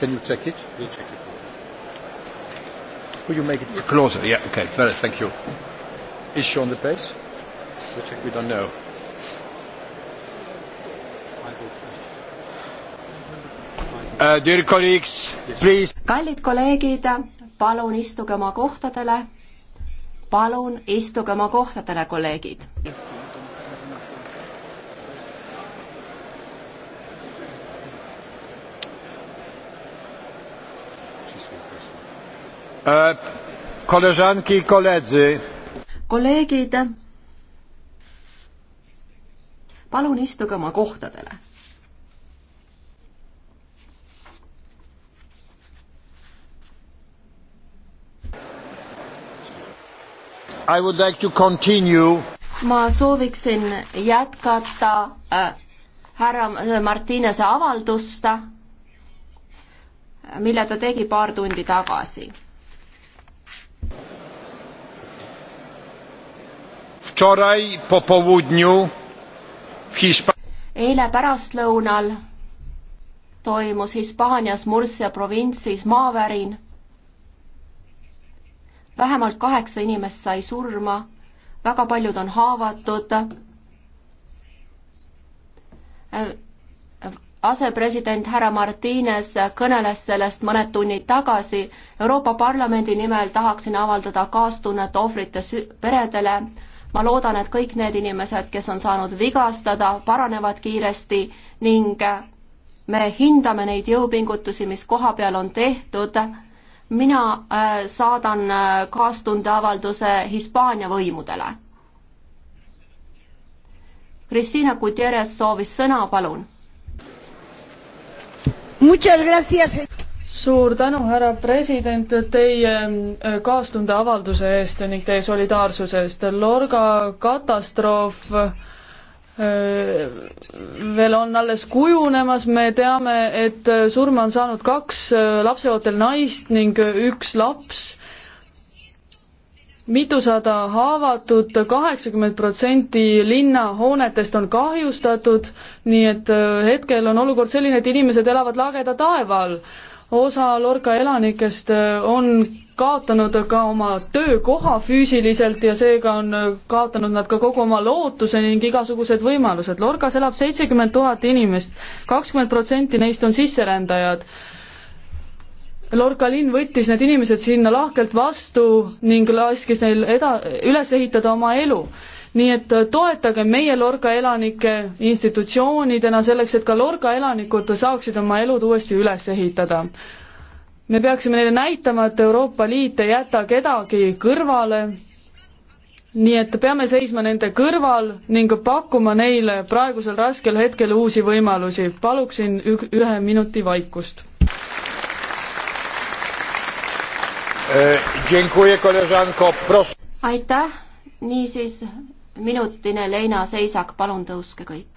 Can you check it? We check it. Will you make it closer? Yeah, okay. Better, thank you. Is she on the place? We check. We don't know. Uh, dear colleagues, please. kallid kolleegid, palun istuge oma kohtadele. palun istuge oma kohtadele, kolleegid yes,. E, koleżanki i koledzy. kolleegid, palun istuge oma kohtadele. I would like to continue. ma sooviksin jätkata äh, härra Martinese avaldust, mille ta tegi paar tundi tagasi Wczoraj po południu w Hiszpanii eile pärastlõunal toimus Hispaanias Murcia provintsis maavärin. vähemalt kaheksa inimest sai surma, väga paljud on haavatud. asepresident härra Martines kõneles sellest mõned tunnid tagasi. Euroopa Parlamendi nimel tahaksin avaldada kaastunnet ohvrite peredele ma loodan, et kõik need inimesed, kes on saanud vigastada, paranevad kiiresti ning me hindame neid jõupingutusi, mis koha peal on tehtud. mina äh, saadan äh, kaastundeavalduse Hispaania võimudele. Cristina Gutierrez soovis sõna, palun suur tänu, härra president, teie ähm, kaastunde avalduse eest ning teie solidaarsuse eest. Lorga katastroof äh, veel on alles kujunemas, me teame, et äh, surma on saanud kaks äh, lapseootel naist ning üks laps mitusada haavatud, kaheksakümmend protsenti linna hoonetest on kahjustatud, nii et hetkel on olukord selline, et inimesed elavad lageda taeva all osa Lorca elanikest äh, on kaotanud ka oma töökoha füüsiliselt ja seega on äh, kaotanud nad ka kogu oma lootuse ning igasugused võimalused. Lorcas elab seitsekümmend tuhat inimest, kakskümmend protsenti neist on sisserändajad Lord Kalin võttis need inimesed sinna lahkelt vastu ning laskis neil eda-, üles ehitada oma elu. nii et toetage meie Lorca elanike institutsioonidena selleks, et ka Lorca elanikud saaksid oma elud uuesti üles ehitada. me peaksime neile näitama, et Euroopa Liit ei jäta kedagi kõrvale, nii et peame seisma nende kõrval ning pakkuma neile praegusel raskel hetkel uusi võimalusi. paluksin ühe minuti vaikust E, aitäh, niisiis minutine leinaseisak, palun tõuske kõik.